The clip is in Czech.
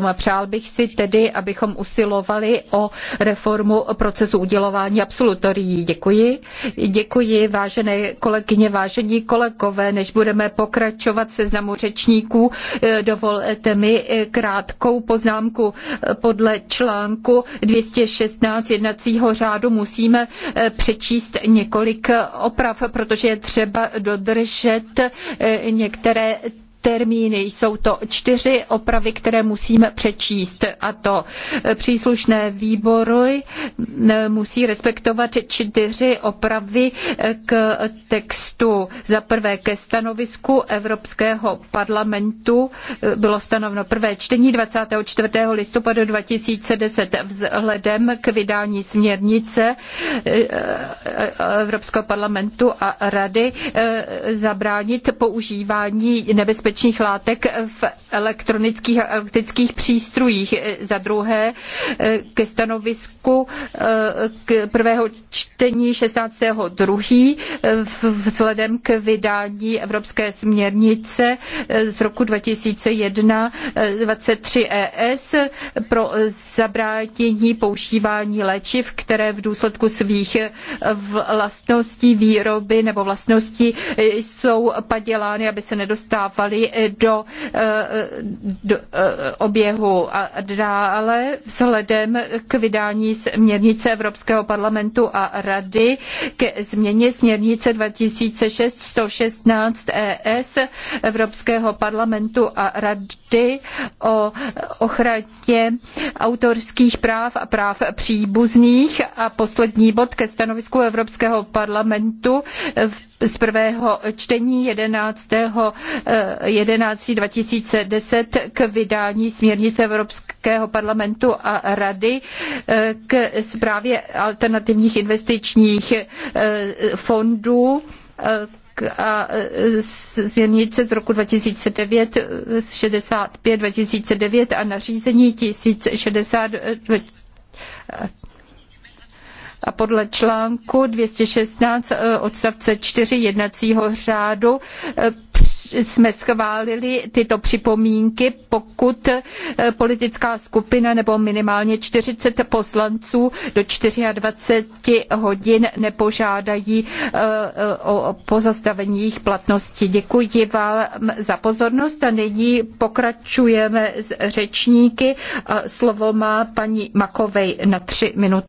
referendum. Přál bych si tedy, abychom usilovali o reformu procesu udělování absolutorií. Děkuji. Děkuji, vážené kolegyně, vážení kolegové. Než budeme pokračovat seznamu řečníků, eh, dovolte mi eh, krátkou poznámku. Podle článku 216 jednacího řádu musíme eh, přečíst několik oprav, protože je třeba dodržet některé termíny. Jsou to čtyři opravy, které musíme přečíst a to e, příslušné výbory musí respektovat čtyři opravy e, k textu. Za prvé ke stanovisku Evropského parlamentu e, bylo stanoveno prvé čtení 24. listopadu 2010 vzhledem k vydání směrnice Evropského parlamentu a rady zabránit používání nebezpečných nebezpečných látek v elektronických a elektrických přístrojích. Za druhé ke stanovisku eh, k prvého čtení 16.2. Eh, vzhledem k vydání Evropské směrnice eh, z roku 2001 23 ES pro zabránění používání léčiv, které v důsledku svých vlastností výroby nebo vlastností jsou padělány, aby se nedostávaly do, eh, do eh, oběhu. A dále vzhledem k vydání směrnice Evropského parlamentu a Rady ke změně směrnice 2006-116 ES Evropského parlamentu a Rady o ochraně autorských práv a práv příbuzných a poslední bod ke stanovisku Evropského parlamentu v z prvého čtení 11. 11. 2010 k vydání směrnice Evropského parlamentu a rady eh, k zprávě alternativních investičních eh, fondů eh, a směrnice z roku 2009 65 2009 a nařízení 1060 a podle článku 216 eh, odstavce 4 jednacího řádu eh, jsme schválili tyto připomínky, pokud eh, politická skupina nebo minimálně 40 poslanců do 24 hodin nepožádají o pozastavení jejich platnosti. Děkuji vám za pozornost a nyní pokračujeme s řečníky. Slovo má paní Makovej na tři minuty.